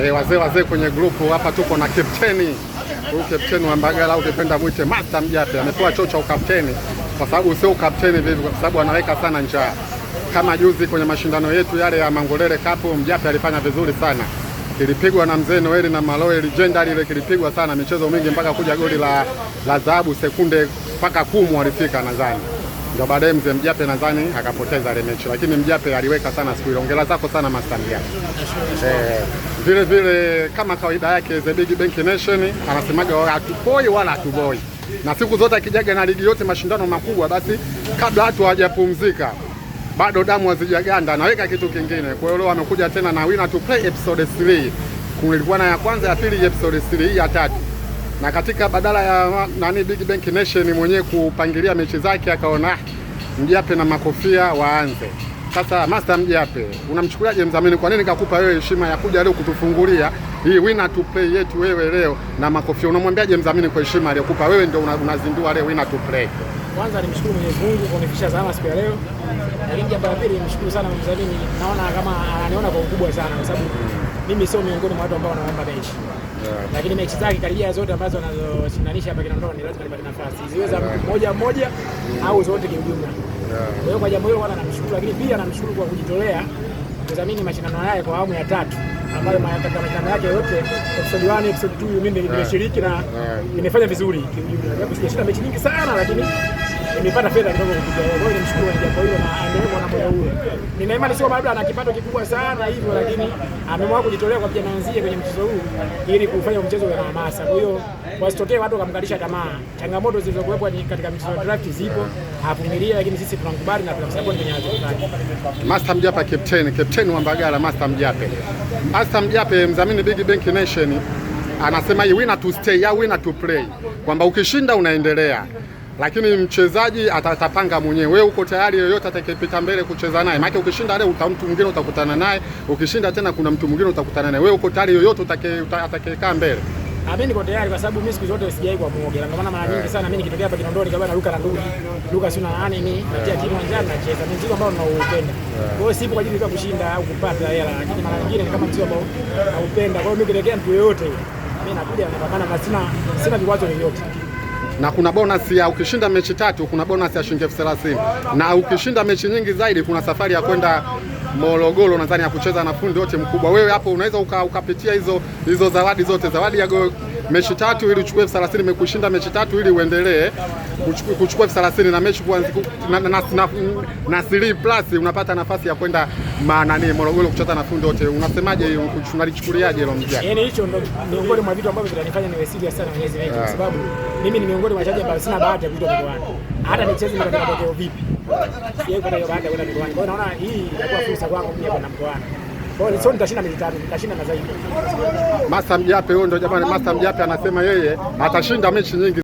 Eh, wazee wazee kwenye grupu hapa, tuko na kapteni huyu. Kapteni wa Mbagala ukipenda mwite master Mjape amepewa choo cha ukapteni, kwa sababu sio ukapteni vivi, kwa sababu anaweka sana njaa. Kama juzi kwenye mashindano yetu yale ya Mangolele Cup, Mjape alifanya vizuri sana, kilipigwa na mzee Noeli na Maloe legendary ile, kilipigwa sana michezo mingi mpaka kuja goli la la dhahabu, sekunde mpaka kumu walifika nadhani ndio baadaye mzee Mjape nadhani akapoteza ile mechi, lakini Mjape aliweka sana siku ile. Ongera zako sana master Mjape eh. Vile vile kama kawaida yake The Big Bank Nation anasemaga wala hatupoi wala hatuboi, na siku zote akijaga na ligi yote mashindano makubwa, basi kabla watu hawajapumzika bado damu hazijaganda, anaweka kitu kingine. Kwa hiyo leo amekuja tena na Winner to Play episode 3. Kulikuwa na ya kwanza, ya pili, episode 3 ya tatu, na katika badala ya nani Big Bank Nation mwenyewe kupangilia mechi zake, akaona mjiape ah, na makofia waanze sasa Master Mjape, unamchukuliaje mdhamini? Kwa nini kakupa wewe heshima ya kuja leo kutufungulia hii winner to play yetu wewe leo na makofia? Unamwambiaje mdhamini kwa heshima aliyokupa wewe, ndio unazindua leo winner to play? Kwanza nimshukuru Mwenyezi Mungu kwa kunifikisha salama siku ya leo, lakini jambo la pili nimshukuru sana mdhamini, naona kama ananiona kwa ukubwa sana kwa sababu mimi sio miongoni mwa watu ambao wanaomba mechi yeah. Lakini mechi zake karibia zote ambazo wanazoshindanisha hapa Kinondoni lazima nipate nafasi ziweza yeah. moja moja mm. au zote kiujumla yeah. Kwa hiyo kwa jambo hilo kwanza namshukuru, lakini pia namshukuru kwa kujitolea kudhamini mashindano haya kwa awamu ya tatu ambayo katika mashindano yake yote episode 1 episode 2 mimi nimeshiriki na nimefanya vizuri kiujumla, japo sijashinda mechi nyingi sana lakini nimepata fedha kidogo kupitia yeye. Kwa hiyo nimshukuru kwa jambo hilo na aendelee kuwa na moyo huo. Nina imani sio labda ana kipato kikubwa sana hivyo, lakini ameamua kujitolea kwa kijana wenzie kwenye mchezo huu ili kufanya mchezo wa hamasa. Kwa hiyo wasitokee watu wakamkalisha tamaa. Changamoto zilizokuwepo katika mchezo wa draft zipo, havumilia, lakini sisi tunakubali na tunamsupport kwenye zake. Master Mjapa captain captain wa Mbagala, Master Mjapa. Master Mjapa mdhamini Big Bank Nation anasema hii winner to stay ya winner to play, kwamba ukishinda unaendelea lakini mchezaji atapanga mwenyewe. Wewe uko tayari, yoyote atakayepita mbele kucheza naye, maana ukishinda leo uta mtu mwingine utakutana naye, ukishinda tena kuna mtu mwingine utakutana naye. Wewe uko tayari, yoyote atakayekaa mbele. Ah, mimi niko tayari kwa sababu mimi siku zote sijai kwa muoga. Ndio maana mara nyingi eh. sana mimi nikitokea hapa Kinondoni kabla na Luka na ndugu. Luka sio na nani mimi natia timu na cheza. Ni mchezo ambao naupenda. Eh. Kwa hiyo sipo kwa ajili ya kushinda au kupata hela, lakini mara nyingine ni kama mchezo ambao naupenda. Kwa hiyo mimi nikitokea mtu yeyote mimi nakuja na kwa maana sina sina vikwazo vyovyote na kuna bonus ya ukishinda mechi tatu kuna bonus ya shilingi elfu thelathini na ukishinda mechi nyingi zaidi kuna safari ya kwenda Morogoro nadhani ya kucheza na fundi wote mkubwa. Wewe hapo unaweza ukapitia uka hizo hizo zawadi zote, zawadi ya go, mechi tatu ili uchukue elfu thelathini imekushinda mechi tatu ili uendelee kuchukua elfu thelathini na mechi na, na, na, na, siri plus unapata nafasi ya kwenda nani Morogoro kuchota na fundi wote. Unasemaje hiyo, unalichukuliaje hilo mjadala? Yani hicho ndio miongoni mwa vitu ambavyo vinanifanya niwe serious sana mwezi Mungu, kwa ah. sababu mimi ni miongoni mwa wachezaji ambao sina bahati ya kuitwa mikoani, hata nicheze matokeo vipi, siwezi kwa hiyo bahati ya kwenda mikoani. Kwa hiyo naona hii itakuwa fursa kwangu mimi hapa na mkoani So nitashinda milioni nitashinda na zaidi. Masa Mjape huyo ndo jamani, Masa Mjape anasema yeye atashinda mechi nyingi.